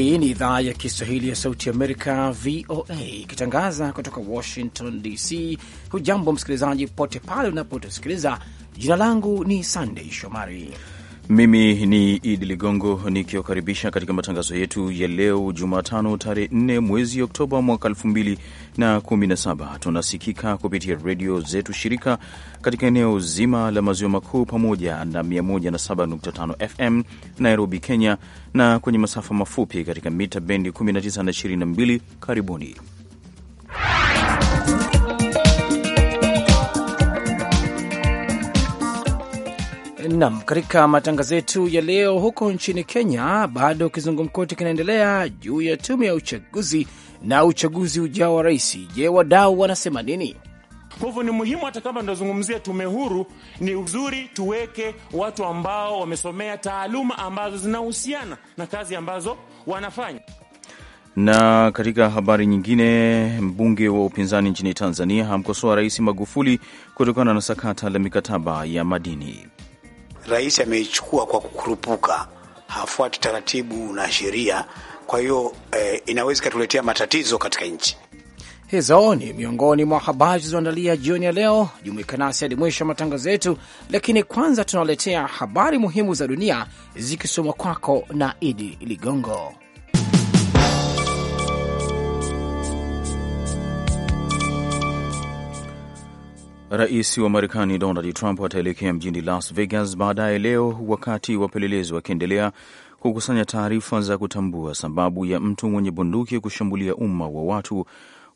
Hii ni idhaa ya Kiswahili ya Sauti Amerika, VOA, ikitangaza kutoka Washington DC. Hujambo msikilizaji pote pale unapotusikiliza. Jina langu ni Sandey Shomari mimi ni Idi Ligongo nikiwakaribisha katika matangazo yetu ya leo Jumatano tarehe 4 mwezi Oktoba mwaka 217 Tunasikika kupitia redio zetu shirika katika eneo zima la maziwa makuu pamoja na 107.5 FM Nairobi, Kenya, na kwenye masafa mafupi katika mita bendi 19 na 22. Karibuni Nam, katika matangazo yetu ya leo, huko nchini Kenya bado kizungumkoti kinaendelea juu ya tume ya uchaguzi na uchaguzi ujao wa rais. Je, wadau wanasema nini? Kwa hivyo ni muhimu, hata kama tunazungumzia tume huru, ni uzuri tuweke watu ambao wamesomea taaluma ambazo zinahusiana na kazi ambazo wanafanya. Na katika habari nyingine, mbunge wa upinzani nchini Tanzania amkosoa Rais Magufuli kutokana na sakata la mikataba ya madini rais ameichukua kwa kukurupuka, hafuati taratibu na sheria. Kwa hiyo eh, inaweza ikatuletea matatizo katika nchi. Hizo ni miongoni mwa habari zilizoandalia jioni ya leo. Jumuika nasi hadi mwisho wa matangazo yetu, lakini kwanza tunawaletea habari muhimu za dunia zikisomwa kwako na Idi Ligongo. Rais wa Marekani Donald Trump ataelekea mjini Las Vegas baadaye leo, wakati wapelelezi wakiendelea kukusanya taarifa za kutambua sababu ya mtu mwenye bunduki kushambulia umma wa watu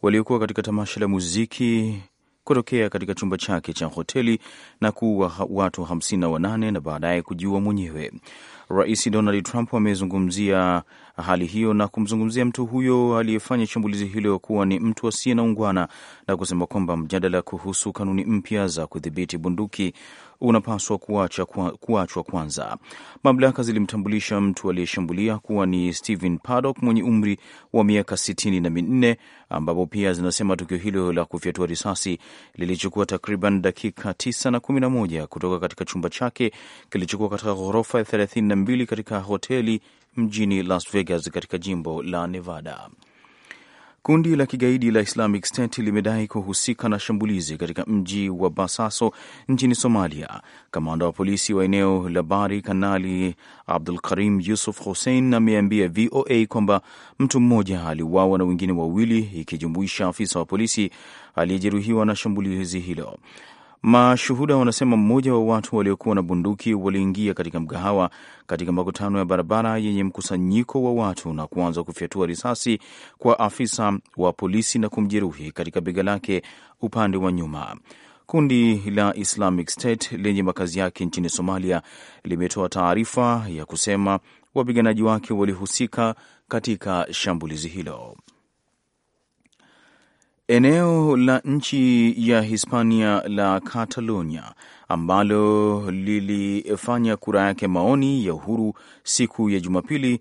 waliokuwa katika tamasha la muziki kutokea katika chumba chake cha hoteli na kuua watu 58 na baadaye kujiua mwenyewe. Rais Donald Trump amezungumzia hali hiyo na kumzungumzia mtu huyo aliyefanya shambulizi hilo kuwa ni mtu asiye na ungwana na kusema kwamba mjadala kuhusu kanuni mpya za kudhibiti bunduki unapaswa kuachwa kwa, kwanza. Mamlaka zilimtambulisha mtu aliyeshambulia kuwa ni Stephen Paddock mwenye umri wa miaka sitini na minne, ambapo pia zinasema tukio hilo la kufyatua risasi lilichukua takriban dakika tisa na kumi na moja kutoka katika chumba chake kilichokuwa katika ghorofa ya thelathini na mbili katika hoteli mjini Las Vegas katika jimbo la Nevada. Kundi la kigaidi la Islamic State limedai kuhusika na shambulizi katika mji wa Basaso nchini Somalia. Kamanda wa polisi wa eneo la Bari, Kanali Abdul Karim Yusuf Hussein, ameambia VOA kwamba mtu mmoja aliuawa na wengine wawili, ikijumuisha afisa wa polisi aliyejeruhiwa na shambulizi hilo. Mashuhuda wanasema mmoja wa watu waliokuwa na bunduki waliingia katika mgahawa katika makutano ya barabara yenye mkusanyiko wa watu na kuanza kufyatua risasi kwa afisa wa polisi na kumjeruhi katika bega lake upande wa nyuma. Kundi la Islamic State lenye makazi yake nchini Somalia limetoa taarifa ya kusema wapiganaji wake walihusika katika shambulizi hilo. Eneo la nchi ya Hispania la Catalonia ambalo lilifanya kura yake maoni ya uhuru siku ya Jumapili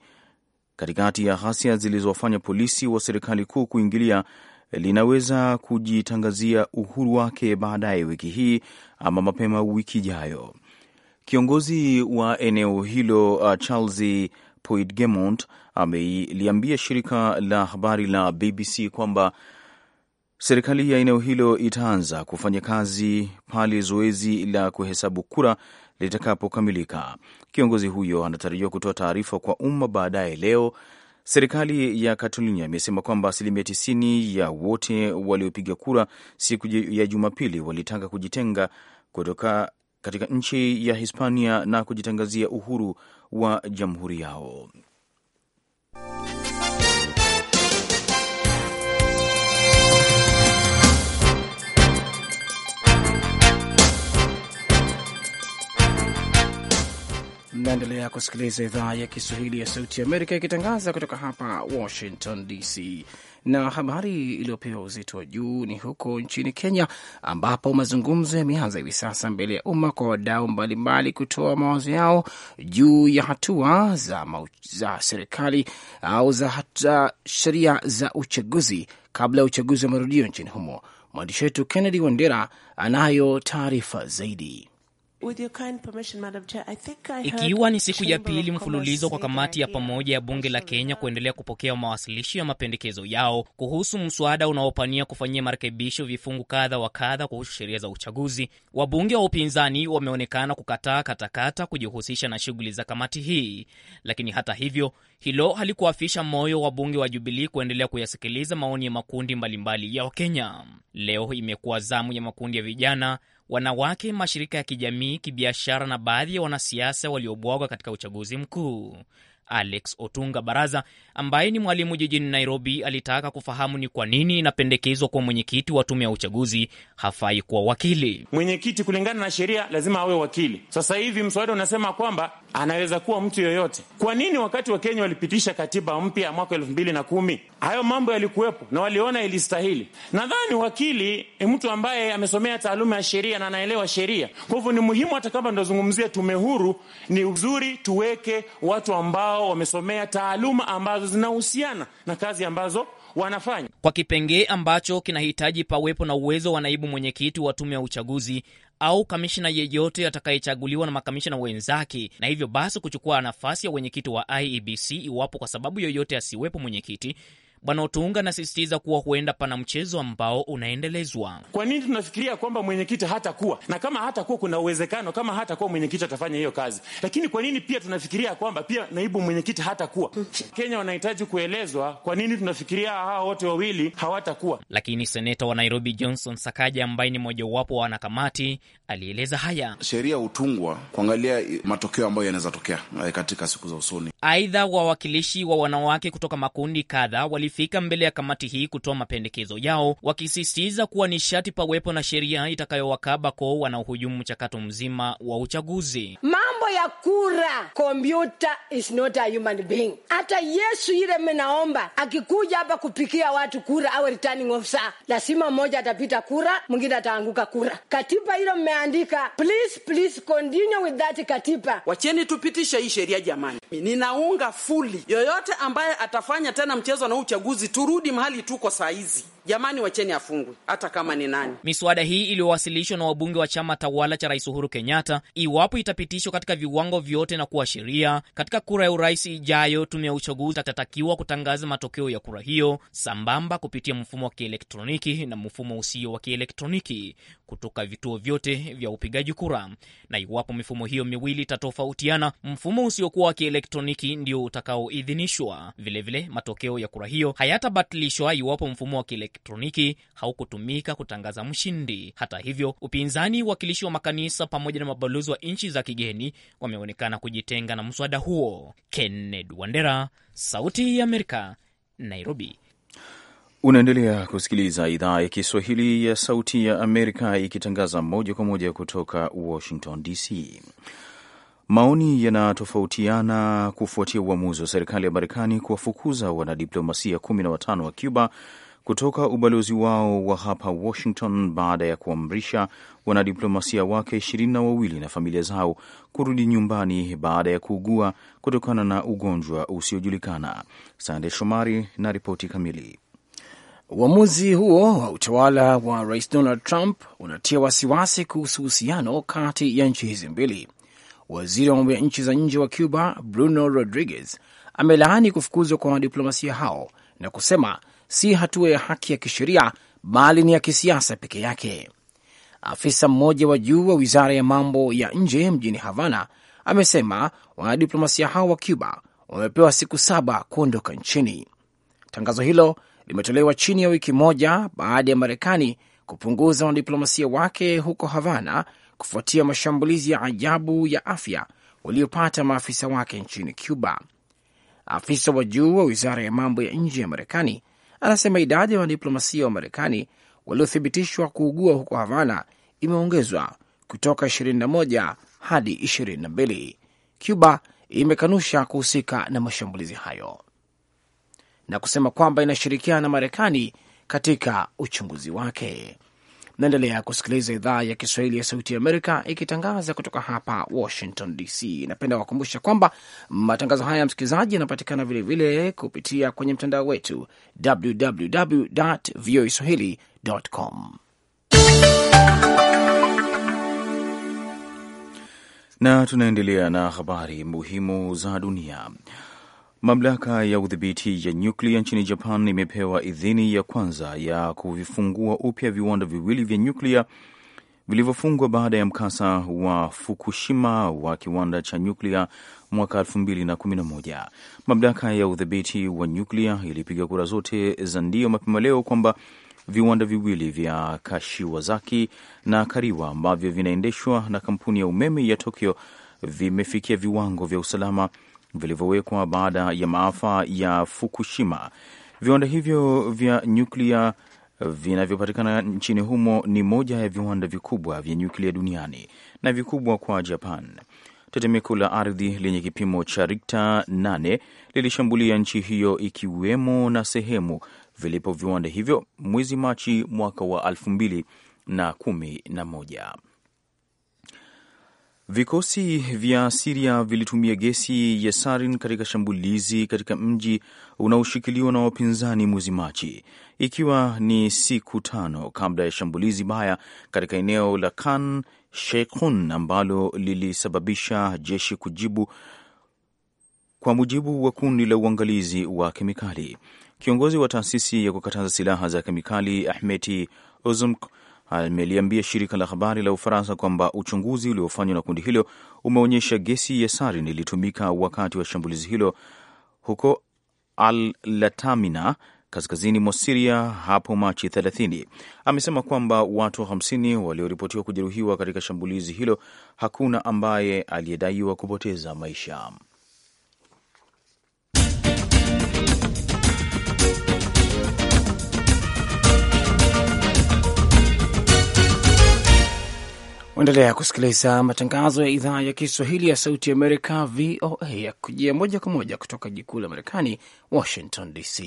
katikati ya ghasia zilizowafanya polisi wa serikali kuu kuingilia, linaweza kujitangazia uhuru wake baadaye wiki hii ama mapema wiki ijayo. Kiongozi wa eneo hilo uh, Charles Puigdemont ameliambia shirika la habari la BBC kwamba Serikali ya eneo hilo itaanza kufanya kazi pale zoezi la kuhesabu kura litakapokamilika. Kiongozi huyo anatarajiwa kutoa taarifa kwa umma baadaye leo. Serikali ya Catalonia imesema kwamba asilimia 90 ya wote waliopiga kura siku ya Jumapili walitaka kujitenga kutoka katika nchi ya Hispania na kujitangazia uhuru wa jamhuri yao. naendelea kusikiliza idhaa ya Kiswahili ya Sauti Amerika ikitangaza kutoka hapa Washington DC, na habari iliyopewa uzito wa juu ni huko nchini Kenya, ambapo mazungumzo yameanza hivi sasa mbele ya umma kwa wadau mbalimbali kutoa mawazo yao juu ya hatua za, za serikali au za hata sheria za uchaguzi kabla ya uchaguzi wa marudio nchini humo. Mwandishi wetu Kennedy Wandera anayo taarifa zaidi. Ikiwa ni siku ya pili mfululizo kwa kamati ya pamoja ya bunge la Kenya kuendelea kupokea mawasilisho ya mapendekezo yao kuhusu mswada unaopania kufanyia marekebisho vifungu kadha wa kadha kuhusu sheria za uchaguzi, wabunge wa upinzani wameonekana kukataa katakata kujihusisha na shughuli za kamati hii. Lakini hata hivyo, hilo halikuafisha moyo wa bunge wa Jubilii kuendelea kuyasikiliza maoni ya makundi mbalimbali ya Wakenya. Leo imekuwa zamu ya makundi ya vijana wanawake, mashirika ya kijamii, kibiashara na baadhi ya wanasiasa waliobwagwa katika uchaguzi mkuu. Alex Otunga Baraza, ambaye ni mwalimu jijini Nairobi, alitaka kufahamu ni kwa nini inapendekezwa kuwa mwenyekiti wa tume ya uchaguzi hafai kuwa wakili. Mwenyekiti kulingana na sheria lazima awe wakili. Sasa hivi mswada unasema kwamba anaweza kuwa mtu yoyote. Kwa nini wakati wa Kenya walipitisha katiba mpya mwaka elfu mbili na kumi hayo mambo yalikuwepo na waliona ilistahili. Nadhani wakili ni mtu ambaye amesomea taaluma ya sheria na anaelewa sheria, kwa hivyo ni muhimu. Hata kama ndozungumzia tume huru, ni uzuri tuweke watu ambao wamesomea taaluma ambazo zinahusiana na kazi ambazo wanafanya kwa kipengee ambacho kinahitaji pawepo na uwezo wa naibu mwenyekiti wa tume ya uchaguzi au kamishina yeyote atakayechaguliwa na makamishina wenzake, na hivyo basi kuchukua nafasi ya wenyekiti wa IEBC iwapo kwa sababu yoyote asiwepo mwenyekiti. Bwana Otunga anasisitiza kuwa huenda pana mchezo ambao unaendelezwa. Kwa nini tunafikiria kwamba mwenyekiti hatakuwa na, kama hatakuwa, kuna uwezekano kama hatakuwa mwenyekiti atafanya hiyo kazi, lakini kwa nini pia tunafikiria kwamba pia naibu mwenyekiti hatakuwa? Kenya wanahitaji kuelezwa kwa nini tunafikiria hawa wote wawili hawatakuwa. Lakini seneta wa Nairobi Johnson Sakaja, ambaye ni mojawapo wa wanakamati, alieleza haya: sheria hutungwa kuangalia matokeo ambayo yanaweza tokea eh, katika siku za usoni. Aidha, wawakilishi wa wanawake kutoka makundi kadha walifika mbele ya kamati hii kutoa mapendekezo yao, wakisisitiza kuwa ni sharti pawepo na sheria itakayowakaba ko wanaohujumu mchakato mzima wa uchaguzi. Mambo ya kura, kompyuta is not a human being. Hata Yesu ile menaomba akikuja hapa kupikia watu kura, au returning officer, lazima mmoja atapita kura, mwingine ataanguka kura. Katiba hilo mmeandika, please please continue with that katiba. Wacheni tupitisha hii sheria jamani, ninaunga fuli yoyote ambaye atafanya tena mchezo na uchaguzi uchaguzi, turudi mahali tuko saa hizi. Jamani, wacheni afungwe hata kama ni nani. Miswada hii iliyowasilishwa na wabunge wa chama tawala cha Rais Uhuru Kenyatta, iwapo itapitishwa katika viwango vyote na kuwa sheria, katika kura ya urais ijayo, tume ya uchaguzi itatakiwa kutangaza matokeo ya kura hiyo sambamba kupitia mfumo wa kielektroniki na mfumo usio wa kielektroniki kutoka vituo vyote vya upigaji kura, na iwapo mifumo hiyo miwili itatofautiana, mfumo usiokuwa wa kielektroniki ndio utakaoidhinishwa. Vilevile, matokeo ya kura hiyo hayatabatilishwa iwapo mfumo wa kielektroniki kielektroniki haukutumika kutangaza mshindi. Hata hivyo, upinzani, wakilishi wa makanisa pamoja na mabalozi wa nchi za kigeni wameonekana kujitenga na mswada huo. Kenneth Wandera, Sauti ya Amerika, Nairobi. Unaendelea kusikiliza idhaa ya Kiswahili ya Sauti ya Amerika ikitangaza moja kwa moja kutoka Washington DC. Maoni yanatofautiana kufuatia uamuzi wa serikali ya Marekani kuwafukuza wanadiplomasia kumi na watano wa Cuba kutoka ubalozi wao wa hapa Washington baada ya kuamrisha wanadiplomasia wake ishirini na wawili na familia zao kurudi nyumbani baada ya kuugua kutokana na ugonjwa usiojulikana. Sande Shomari na ripoti kamili. Uamuzi huo wa utawala wa Rais Donald Trump unatia wasiwasi kuhusu uhusiano kati ya nchi hizi mbili. Waziri wa mambo ya nchi za nje wa Cuba Bruno Rodriguez amelaani kufukuzwa kwa wanadiplomasia hao na kusema si hatua ya haki ya kisheria bali ni ya kisiasa peke yake. Afisa mmoja wa juu wa wizara ya mambo ya nje mjini Havana amesema wanadiplomasia hao wa Cuba wamepewa siku saba kuondoka nchini. Tangazo hilo limetolewa chini ya wiki moja baada ya Marekani kupunguza wanadiplomasia wake huko Havana kufuatia mashambulizi ya ajabu ya afya waliopata maafisa wake nchini Cuba. Afisa wa juu wa wizara ya mambo ya nje ya Marekani anasema idadi ya wanadiplomasia wa Marekani waliothibitishwa kuugua huko Havana imeongezwa kutoka 21 hadi 22. Cuba imekanusha kuhusika na mashambulizi hayo na kusema kwamba inashirikiana na Marekani katika uchunguzi wake. Naendelea kusikiliza idhaa ya Kiswahili ya Sauti ya Amerika ikitangaza kutoka hapa Washington DC. Napenda kuwakumbusha kwamba matangazo haya ya msikilizaji yanapatikana vilevile kupitia kwenye mtandao wetu www voa swahili com na tunaendelea na habari muhimu za dunia. Mamlaka ya udhibiti ya nyuklia nchini Japan imepewa idhini ya kwanza ya kuvifungua upya viwanda viwili vya nyuklia vilivyofungwa baada ya mkasa wa Fukushima wa kiwanda cha nyuklia mwaka 2011. Mamlaka ya udhibiti wa nyuklia ilipiga kura zote za ndio mapema leo kwamba viwanda viwili vya Kashiwazaki na Kariwa ambavyo vinaendeshwa na kampuni ya umeme ya Tokyo vimefikia viwango vya usalama vilivyowekwa baada ya maafa ya Fukushima. Viwanda hivyo vya nyuklia vinavyopatikana nchini humo ni moja ya viwanda vikubwa vya nyuklia duniani na vikubwa kwa Japan. Tetemeko la ardhi lenye kipimo cha Rikta 8 lilishambulia nchi hiyo ikiwemo na sehemu vilipo viwanda hivyo mwezi Machi mwaka wa elfu mbili na kumi na moja. Vikosi vya Siria vilitumia gesi ya sarin katika shambulizi katika mji unaoshikiliwa na wapinzani mwezi Machi, ikiwa ni siku tano kabla ya shambulizi baya katika eneo la Khan Sheikhun ambalo lilisababisha jeshi kujibu, kwa mujibu wa kundi la uangalizi wa kemikali. Kiongozi wa taasisi ya kukataza silaha za kemikali Ahmeti Ozumk ameliambia shirika la habari la Ufaransa kwamba uchunguzi uliofanywa na kundi hilo umeonyesha gesi ya sarin ilitumika wakati wa shambulizi hilo huko Al-Latamina kaskazini mwa Siria hapo Machi 30. Amesema kwamba watu 50 walioripotiwa kujeruhiwa katika shambulizi hilo, hakuna ambaye aliyedaiwa kupoteza maisha. uendelea kusikiliza matangazo ya idhaa ya Kiswahili ya Sauti Amerika, VOA, ya kujia moja kwa moja kutoka jikuu la Marekani, Washington DC.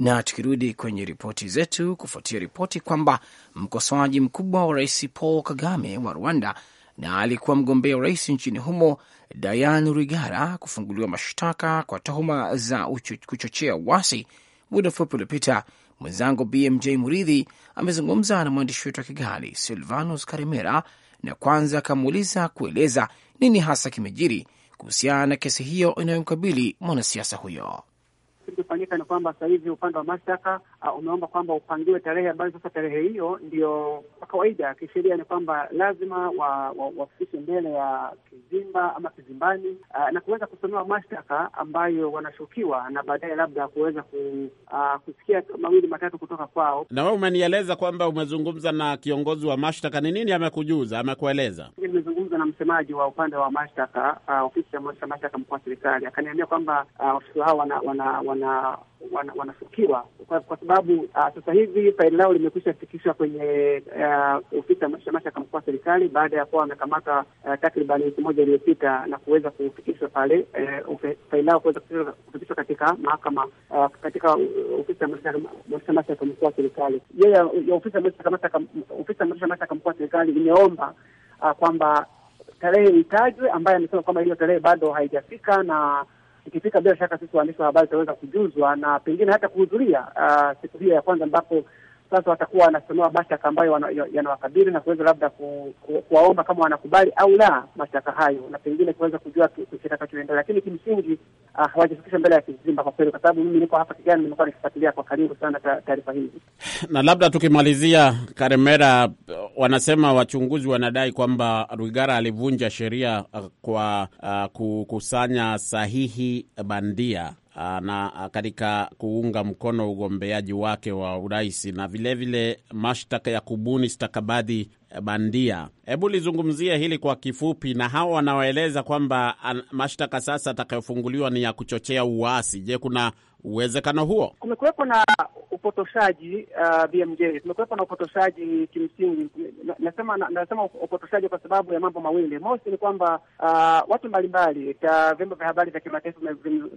Na tukirudi kwenye ripoti zetu, kufuatia ripoti kwamba mkosoaji mkubwa wa Rais Paul Kagame wa Rwanda na alikuwa mgombea urais nchini humo Diane rigara kufunguliwa mashtaka kwa tuhuma za kuchochea uasi. Muda mfupi uliopita, mwenzangu BMJ Muridhi amezungumza na mwandishi wetu wa Kigali, Silvanus Karimera na kwanza akamuuliza kueleza nini hasa kimejiri kuhusiana na kesi hiyo inayomkabili mwanasiasa huyo kilichofanyika ni kwamba sasa hivi upande wa mashtaka uh, umeomba kwamba upangiwe tarehe ambayo sasa tarehe hiyo ndio kwa kawaida kisheria ni kwamba lazima wafikishwe wa, wa mbele ya kizimba ama kizimbani uh, na kuweza kusomewa mashtaka ambayo wanashukiwa na baadaye labda kuweza ku, uh, kusikia mawili matatu kutoka kwao. Na wewe umenieleza kwamba umezungumza na kiongozi wa mashtaka, ni nini amekujuza, amekueleza? Nimezungumza na msemaji wa upande wa mashtaka, uh, ofisi ya mashtaka mkuu wa serikali, akaniambia kwamba uh, ofisi hao wana, wana, wana wana, wana, wanafukiwa kwa, kwa sababu uh, sasa hivi faili lao limekwisha fikishwa kwenye uh, ofisi ya mashtaka mkuu wa serikali baada ya kuwa wamekamata uh, takriban wiki moja iliyopita na kuweza kufikishwa pale uh, faili lao kuweza kufikishwa katika mahakama uh, katika ofisi ya mashtaka mkuu wa serikali. Yeye ofisi ya mashtaka mkuu wa serikali imeomba uh, kwamba tarehe itajwe, ambaye amesema kwamba hiyo tarehe bado haijafika na ikifika, bila shaka sisi waandishi wa habari tutaweza kujuzwa na pengine hata kuhudhuria uh, siku hiyo ya kwanza ambapo sasa watakuwa wanasomewa mashtaka ambayo yanawakabili na kuweza labda ku, ku, kuwaomba kama wanakubali au la mashtaka hayo, na pengine kuweza kujua kitakachoendelea, lakini kimsingi ah, hawajafikishwa mbele ya kizimba kwa kweli, kwa sababu mimi niko hapa kijani nimekuwa nikifuatilia kwa karibu sana taarifa hizi. Na labda tukimalizia, Karemera, wanasema wachunguzi wanadai kwamba Rwigara alivunja sheria ah, kwa uh, ah, kukusanya sahihi bandia Ah, na ah, katika kuunga mkono ugombeaji wake wa urais na vilevile mashtaka ya kubuni stakabadhi bandia. Hebu lizungumzia hili kwa kifupi, na hawa wanaoeleza kwamba mashtaka sasa atakayofunguliwa ni ya kuchochea uasi. Je, kuna uwezekano huo? Kumekuwepo na upotoshaji uh, BMJ, kumekuwepo na upotoshaji kimsingi. Nasema na, nasema upotoshaji kwa sababu ya mambo mawili. Mosi ni kwamba uh, watu mbalimbali a vyombo vya habari vya kimataifa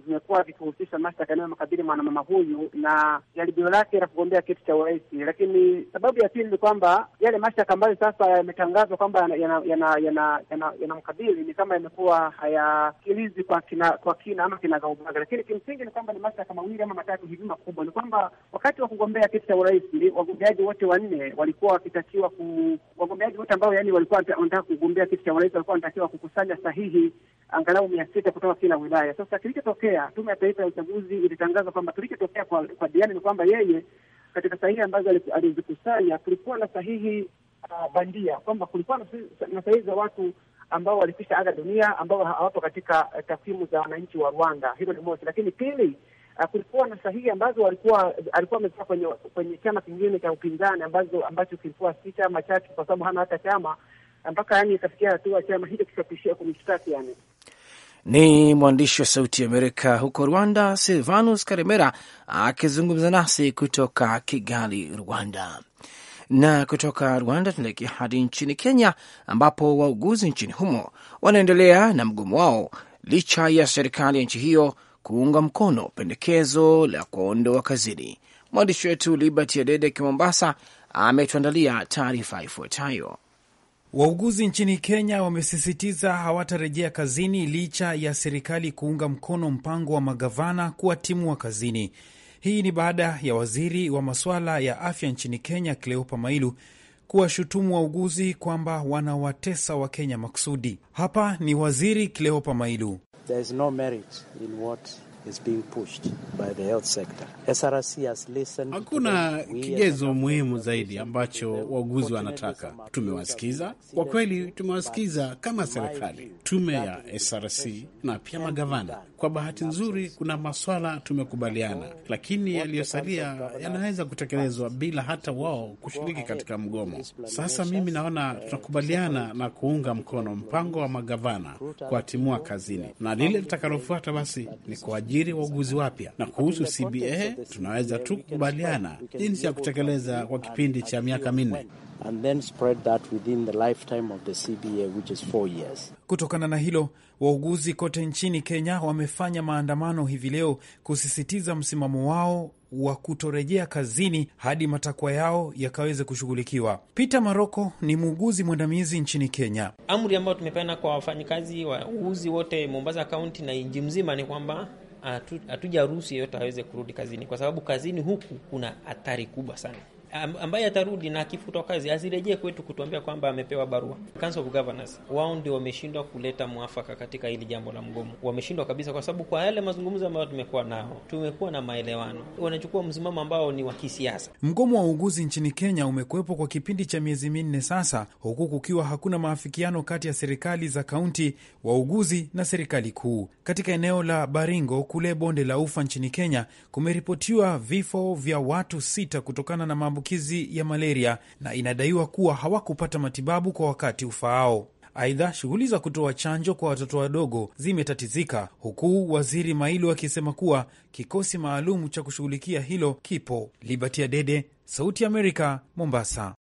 vimekuwa vikihusisha mashtaka yanayomkabili mwanamama huyu na jaribio lake la kugombea kiti cha urais, lakini sababu ya pili ni kwamba yale mashtaka ambayo sasa sasa yametangazwa kwamba yanamkabili yana, yana, yana, yana ni kama yamekuwa hayasikilizi kwa kina, kwa kina ama kinagaubaga, lakini kimsingi ni kwamba ni mashtaka mawili ama matatu hivi makubwa. Ni kwamba wakati wa kugombea kiti cha urais wagombeaji wote wanne walikuwa wakitakiwa ku, wagombeaji wote ambao yani walikuwa wanataka kugombea kiti cha urais walikuwa wanatakiwa kukusanya sahihi angalau mia sita kutoka kila wilaya. Sasa kilichotokea, Tume ya Taifa ya Uchaguzi ilitangaza kwamba kilichotokea kwa, kwa Diani ni kwamba yeye katika sahihi ambazo alizikusanya kulikuwa na sahihi uh, bandia kwamba kulikuwa na sahihi za watu ambao walikwisha aga dunia ambao hawapo katika uh, takwimu za wananchi wa Rwanda. Hilo ni moja, lakini pili Uh, kulikuwa na sahihi ambazo walikuwa alikuwa ametoka kwenye kwenye chama kingine cha upinzani ambazo ambacho kilikuwa si chama chake, kwa sababu hana hata chama ah, mpaka yani ikafikia hatua chama hicho kishatishia kumshtaki yani. Ni mwandishi wa Sauti ya Amerika huko Rwanda, Silvanus Karemera akizungumza nasi kutoka Kigali, Rwanda. Na kutoka Rwanda tunaelekea hadi nchini Kenya, ambapo wauguzi nchini humo wanaendelea na mgomo wao licha ya serikali ya nchi hiyo kuunga mkono pendekezo la kuwaondoa kazini. Mwandishi wetu Liberty Adede ki Mombasa ametuandalia taarifa ifuatayo. Wauguzi nchini Kenya wamesisitiza hawatarejea kazini licha ya serikali kuunga mkono mpango wa magavana kuwatimua kazini. Hii ni baada ya waziri wa masuala ya afya nchini Kenya, Cleopa Mailu, kuwashutumu wauguzi kwamba wanawatesa Wakenya makusudi. Hapa ni waziri Cleopa Mailu. There is no merit in what Hakuna kigezo muhimu zaidi ambacho wauguzi wanataka. Tumewasikiza kwa kweli, tumewasikiza kama serikali, tume ya SRC na pia magavana. Kwa bahati nzuri, kuna maswala tumekubaliana, lakini yaliyosalia yanaweza kutekelezwa bila hata wao kushiriki katika mgomo. Sasa mimi naona tunakubaliana na kuunga mkono mpango wa magavana kuwatimua kazini, na lile litakalofuata basi ni kuajiri wauguzi wapya. Na kuhusu CBA tunaweza tu kukubaliana jinsi ya kutekeleza kwa kipindi cha miaka minne and then spread that within the lifetime of the CBA which is four years. Kutokana na hilo, wauguzi kote nchini Kenya wamefanya maandamano hivi leo kusisitiza msimamo wao wa kutorejea kazini hadi matakwa yao yakaweze kushughulikiwa. Peter Maroko ni muuguzi mwandamizi nchini Kenya. Amri ambayo tumepeana kwa wafanyikazi wauguzi wote Mombasa kaunti na nji mzima ni kwamba hatujaruhusu yeyote aweze kurudi kazini, kwa sababu kazini huku kuna athari kubwa sana ambaye atarudi na akifutwa kazi asirejee kwetu kutuambia kwamba amepewa barua. Council of Governors wao ndio wameshindwa kuleta mwafaka katika hili jambo la mgomo, wameshindwa kabisa, kwa sababu kwa yale mazungumzo ambayo tumekuwa nao, tumekuwa na maelewano, wanachukua msimamo ambao ni wa kisiasa. Mgomo wa uuguzi nchini Kenya umekuwepo kwa kipindi cha miezi minne sasa, huku kukiwa hakuna maafikiano kati ya serikali za kaunti, wauguzi na serikali kuu. Katika eneo la Baringo kule bonde la Ufa nchini Kenya kumeripotiwa vifo vya watu sita kutokana na mambo maambukizi ya malaria na inadaiwa kuwa hawakupata matibabu kwa wakati ufaao. Aidha, shughuli za kutoa chanjo kwa watoto wadogo zimetatizika, huku waziri Mailu akisema kuwa kikosi maalum cha kushughulikia hilo kipo. Liberty Adede, Sauti ya Amerika, Mombasa.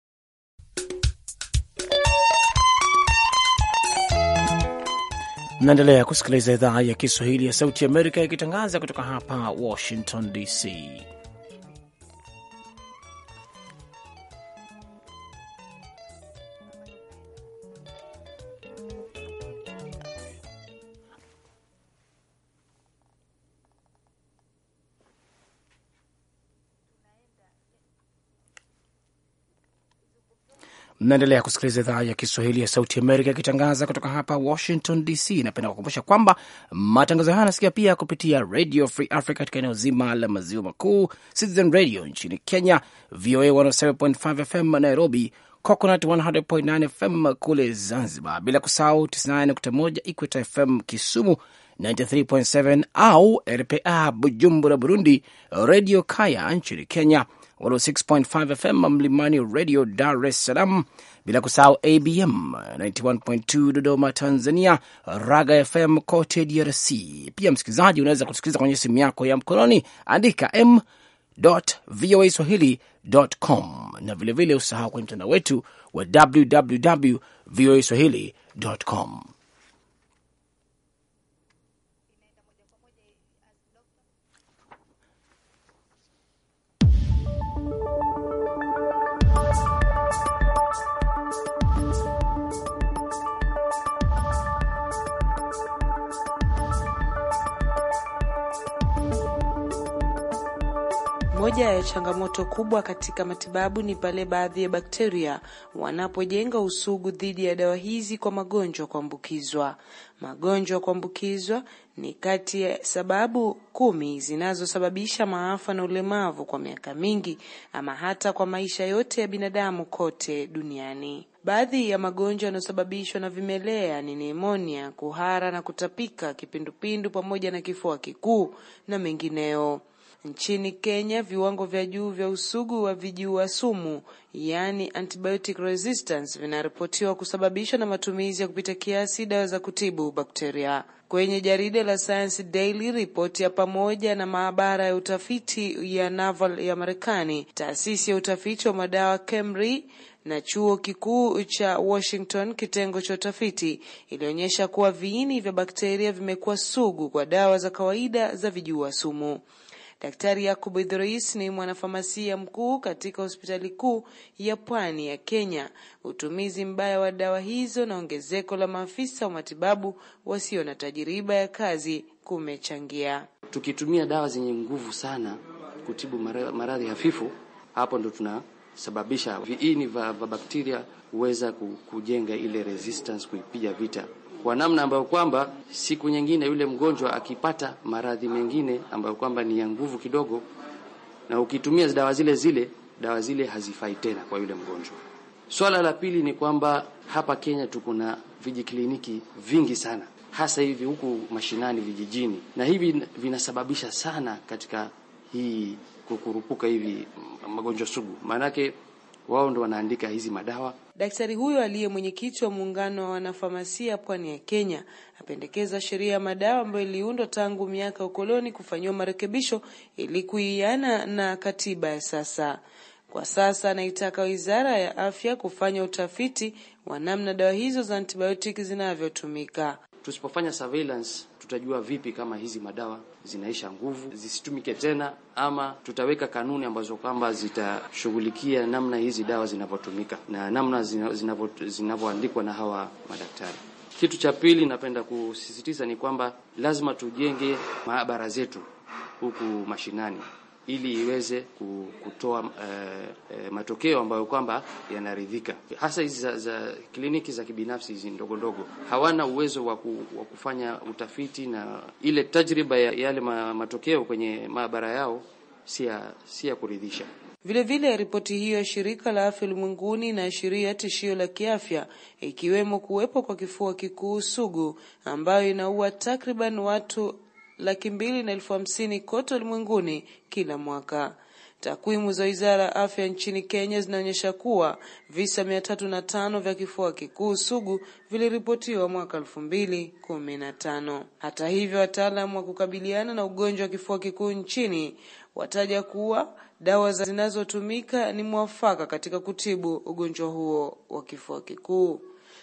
Naendelea kusikiliza idhaa ya Kiswahili ya Sauti ya Amerika ikitangaza kutoka hapa Washington DC. Mnaendelea kusikiliza idhaa ya Kiswahili ya Sauti Amerika ikitangaza kutoka hapa Washington DC. Napenda kukumbusha kwamba matangazo haya anasikia pia kupitia Radio Free Africa katika eneo zima la maziwa makuu, Citizen Radio nchini Kenya, VOA 107.5 FM Nairobi, Coconut 100.9 FM kule Zanzibar, bila kusahau 99.1 Equator FM Kisumu, 93.7 au RPA Bujumbura Burundi, Radio Kaya nchini Kenya, 106.5 FM Mlimani Radio Dar es Salaam, bila kusahau ABM 91.2 Dodoma Tanzania, Raga FM kote DRC. Pia msikilizaji, unaweza kusikiliza kwenye simu yako ya mkononi, andika m voa swahili.com, na vilevile usahau kwenye mtandao wetu wa www voa swahili.com. changamoto kubwa katika matibabu ni pale baadhi ya bakteria wanapojenga usugu dhidi ya dawa hizi kwa magonjwa kuambukizwa. Magonjwa ya kuambukizwa ni kati ya sababu kumi zinazosababisha maafa na ulemavu kwa miaka mingi ama hata kwa maisha yote ya binadamu kote duniani. Baadhi ya magonjwa yanayosababishwa na vimelea ni nimonia, kuhara na kutapika, kipindupindu pamoja na kifua kikuu na mengineo. Nchini Kenya viwango vya juu vya usugu wa vijiua sumu yaani antibiotic resistance vinaripotiwa kusababishwa na matumizi ya kupita kiasi dawa za kutibu bakteria. Kwenye jarida la Science Daily, ripoti ya pamoja na maabara ya utafiti ya Naval ya Marekani, taasisi ya utafiti wa madawa KEMRI na chuo kikuu cha Washington kitengo cha utafiti ilionyesha kuwa viini vya bakteria vimekuwa sugu kwa dawa za kawaida za vijiua sumu. Daktari Yakub Idhurais ni mwanafamasia mkuu katika hospitali kuu ya Pwani ya Kenya. Utumizi mbaya wa dawa hizo na ongezeko la maafisa wa matibabu wasio na tajiriba ya kazi kumechangia. Tukitumia dawa zenye nguvu sana kutibu maradhi hafifu, hapo ndo tunasababisha viini vya bakteria huweza kujenga ile resistance kuipiga vita kwa namna ambayo kwamba siku nyingine yule mgonjwa akipata maradhi mengine ambayo kwamba ni ya nguvu kidogo, na ukitumia dawa zile zile, dawa zile hazifai tena kwa yule mgonjwa. Swala la pili ni kwamba hapa Kenya tuko na vijikliniki vingi sana, hasa hivi huku mashinani vijijini, na hivi vinasababisha sana katika hii kukurupuka hivi magonjwa sugu, maanake wao ndo wanaandika hizi madawa. Daktari huyo aliye mwenyekiti wa muungano wa wanafamasia pwani ya Kenya apendekeza sheria ya madawa ambayo iliundwa tangu miaka ya ukoloni kufanyiwa marekebisho ili kuiana na katiba ya sasa. Kwa sasa anaitaka wizara ya afya kufanya utafiti wa namna dawa hizo za antibiotiki zinavyotumika. Tusipofanya surveillance tutajua vipi kama hizi madawa zinaisha nguvu, zisitumike tena, ama tutaweka kanuni ambazo kwamba zitashughulikia namna hizi dawa zinavyotumika na namna zinavyoandikwa na hawa madaktari. Kitu cha pili napenda kusisitiza ni kwamba lazima tujenge maabara zetu huku mashinani ili iweze kutoa uh, matokeo ambayo kwamba yanaridhika. Hasa hizi za, za kliniki za kibinafsi hizi ndogo ndogo hawana uwezo wa kufanya utafiti na ile tajriba ya yale matokeo kwenye maabara yao si ya si ya kuridhisha. Vilevile, ripoti hiyo ya shirika la afya ulimwenguni inaashiria tishio la kiafya, ikiwemo kuwepo kwa kifua kikuu sugu ambayo inaua takriban watu laki mbili na elfu hamsini kote ulimwenguni kila mwaka. Takwimu za wizara ya afya nchini Kenya zinaonyesha kuwa visa mia tatu na tano vya kifua kikuu sugu viliripotiwa mwaka elfu mbili kumi na tano. Hata hivyo, wataalamu wa kukabiliana na ugonjwa wa kifua kikuu nchini wataja kuwa dawa zinazotumika ni mwafaka katika kutibu ugonjwa huo wa kifua kikuu.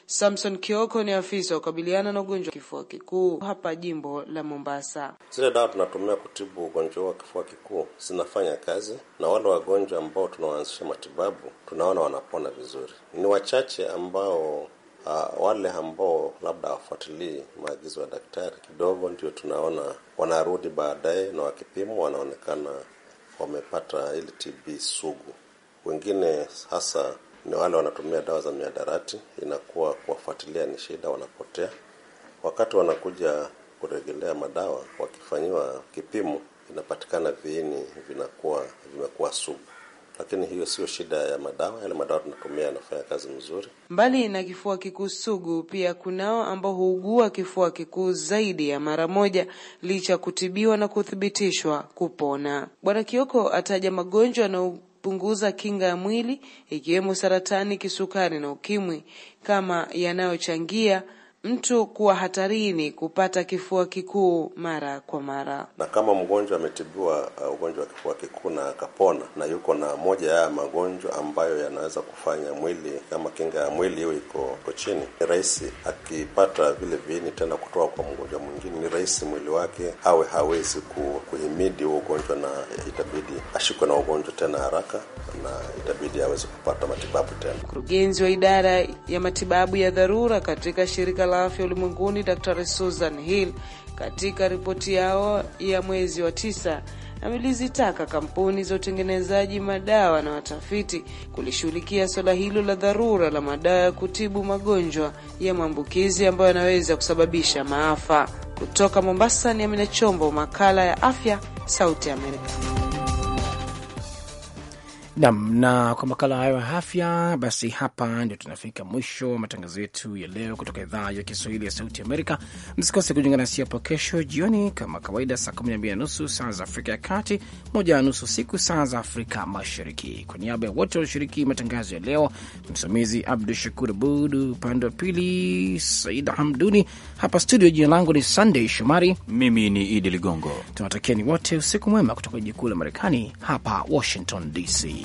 Samson Kioko ni afisa wa kukabiliana na ugonjwa wa kifua kikuu hapa jimbo la Mombasa. Zile dawa tunatumia kutibu ugonjwa wa kifua kikuu zinafanya kazi, na wale wagonjwa ambao tunawaanzisha matibabu tunaona wanapona vizuri. Ni wachache ambao Uh, wale ambao labda hawafuatilii maagizo ya daktari kidogo, ndio tunaona wanarudi baadaye, na wakipimwa wanaonekana wamepata ile TB sugu. Wengine hasa ni wale wanatumia dawa za miadarati, inakuwa kuwafuatilia ni shida, wanapotea. Wakati wanakuja kuregelea madawa, wakifanyiwa kipimo, inapatikana viini vinakuwa vimekuwa sugu lakini hiyo sio shida ya madawa. Yale madawa tunatumia yanafanya kazi mzuri. Mbali na kifua kikuu sugu, pia kunao ambao huugua kifua kikuu zaidi ya mara moja licha ya kutibiwa na kuthibitishwa kupona. Bwana Kioko ataja magonjwa na kupunguza kinga ya mwili ikiwemo saratani, kisukari na ukimwi kama yanayochangia mtu kuwa hatarini kupata kifua kikuu mara kwa mara. Na kama mgonjwa ametibiwa uh, ugonjwa wa kifua kikuu na akapona na yuko na moja ya magonjwa ambayo yanaweza kufanya mwili kama kinga ya mwili hiyo iko chini, ni rahisi akipata vile viini tena kutoka kwa mgonjwa mwingine, ni rahisi mwili wake awe hawezi kuhimidi huo ugonjwa, na itabidi ashikwe na ugonjwa tena haraka, na itabidi aweze kupata matibabu tena. Mkurugenzi wa idara ya matibabu ya dharura katika shirika la la afya ulimwenguni Dr Susan Hill katika ripoti yao ya mwezi wa tisa amelizitaka kampuni za utengenezaji madawa na watafiti kulishughulikia suala hilo la dharura la madawa ya kutibu magonjwa ya maambukizi ambayo yanaweza kusababisha maafa. Kutoka Mombasa ni Amina Chombo, makala ya afya, Sauti ya Amerika. Nam na kwa makala hayo ya afya, basi hapa ndio tunafika mwisho wa matangazo yetu ya leo kutoka idhaa ya Kiswahili ya Sauti Amerika. Msikose kujiunga nasi hapo kesho jioni kama kawaida, saa 12 na nusu saa za Afrika ya Kati, moja na nusu siku saa za Afrika Mashariki. Kwa niaba ya wote walioshiriki matangazo ya leo, msimamizi Abdu Shakur Abud, upande wa pili Saida Hamduni, hapa studio, jina langu ni sandey Shomari, mimi ni Idi Ligongo. Tunawatakia ni wote usiku mwema kutoka jiji kuu la Marekani hapa Washington DC.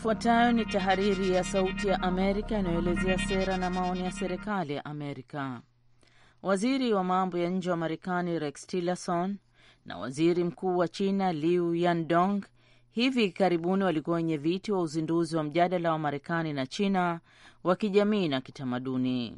Ifuatayo ni tahariri ya Sauti ya Amerika inayoelezea sera na maoni ya serikali ya Amerika. Waziri wa mambo ya nje wa Marekani Rex Tillerson na waziri mkuu wa China Liu Yandong hivi karibuni walikuwa wenye viti wa uzinduzi wa mjadala wa Marekani na China wa kijamii na kitamaduni.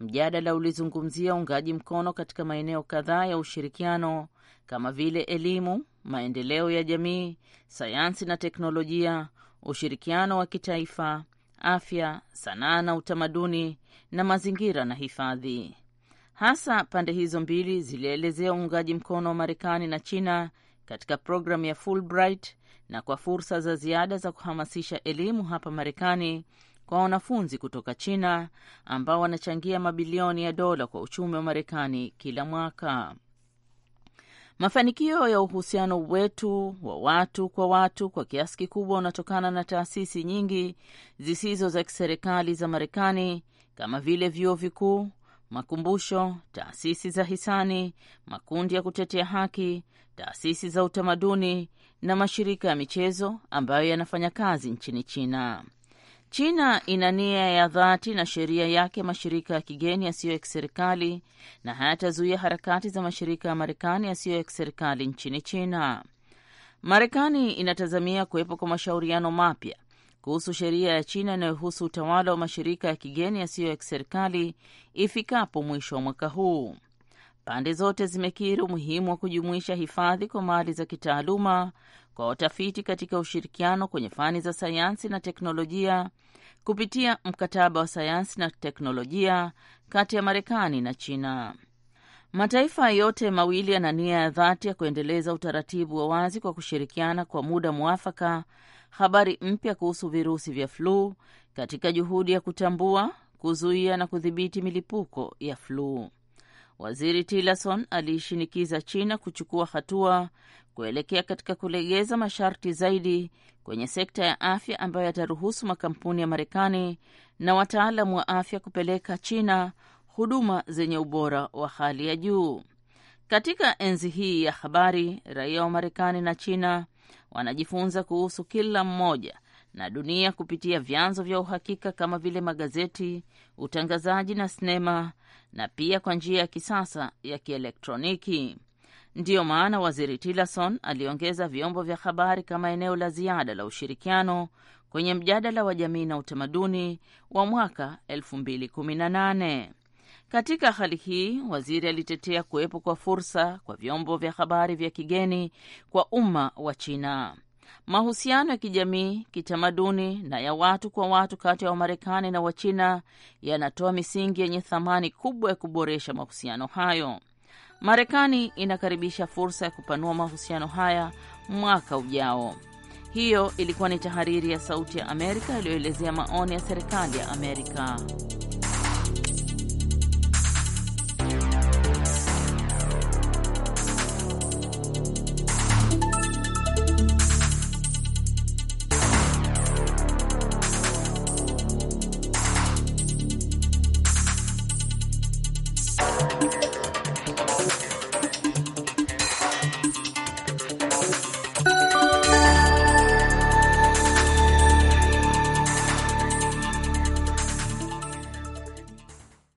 Mjadala ulizungumzia uungaji mkono katika maeneo kadhaa ya ushirikiano kama vile elimu, maendeleo ya jamii, sayansi na teknolojia, ushirikiano wa kitaifa, afya, sanaa na utamaduni, na mazingira na hifadhi. Hasa pande hizo mbili zilielezea uungaji mkono wa Marekani na China katika programu ya Fulbright na kwa fursa za ziada za kuhamasisha elimu hapa Marekani kwa wanafunzi kutoka China ambao wanachangia mabilioni ya dola kwa uchumi wa Marekani kila mwaka. Mafanikio ya uhusiano wetu wa watu kwa watu kwa kiasi kikubwa unatokana na taasisi nyingi zisizo za kiserikali za Marekani kama vile vyuo vikuu, makumbusho, taasisi za hisani, makundi ya kutetea haki, taasisi za utamaduni na mashirika ya michezo ambayo yanafanya kazi nchini China. China ina nia ya dhati na sheria yake mashirika ya kigeni yasiyo ya kiserikali na hayatazuia harakati za mashirika ya Marekani yasiyo ya kiserikali nchini China. Marekani inatazamia kuwepo kwa mashauriano mapya kuhusu sheria ya China inayohusu utawala wa mashirika ya kigeni yasiyo ya kiserikali ifikapo mwisho wa mwaka huu. Pande zote zimekiri umuhimu wa kujumuisha hifadhi kwa mali za kitaaluma kwa watafiti katika ushirikiano kwenye fani za sayansi na teknolojia kupitia mkataba wa sayansi na teknolojia kati ya Marekani na China. Mataifa yote mawili yana nia ya dhati ya kuendeleza utaratibu wa wazi kwa kushirikiana kwa muda mwafaka habari mpya kuhusu virusi vya flu katika juhudi ya kutambua, kuzuia na kudhibiti milipuko ya flu. Waziri Tillerson aliishinikiza China kuchukua hatua kuelekea katika kulegeza masharti zaidi kwenye sekta ya afya ambayo yataruhusu makampuni ya Marekani na wataalam wa afya kupeleka China huduma zenye ubora wa hali ya juu. Katika enzi hii ya habari, raia wa Marekani na China wanajifunza kuhusu kila mmoja na dunia kupitia vyanzo vya uhakika kama vile magazeti, utangazaji na sinema na pia kwa njia ya kisasa ya kielektroniki. Ndiyo maana waziri Tillerson aliongeza vyombo vya habari kama eneo la ziada la ushirikiano kwenye mjadala wa jamii na utamaduni wa mwaka 2018. Katika hali hii, waziri alitetea kuwepo kwa fursa kwa vyombo vya habari vya kigeni kwa umma wa China. Mahusiano ya kijamii, kitamaduni na ya watu kwa watu kati ya Wamarekani na Wachina yanatoa misingi yenye thamani kubwa ya kuboresha mahusiano hayo. Marekani inakaribisha fursa ya kupanua mahusiano haya mwaka ujao. Hiyo ilikuwa ni tahariri ya Sauti ya Amerika iliyoelezea maoni ya serikali ya Amerika.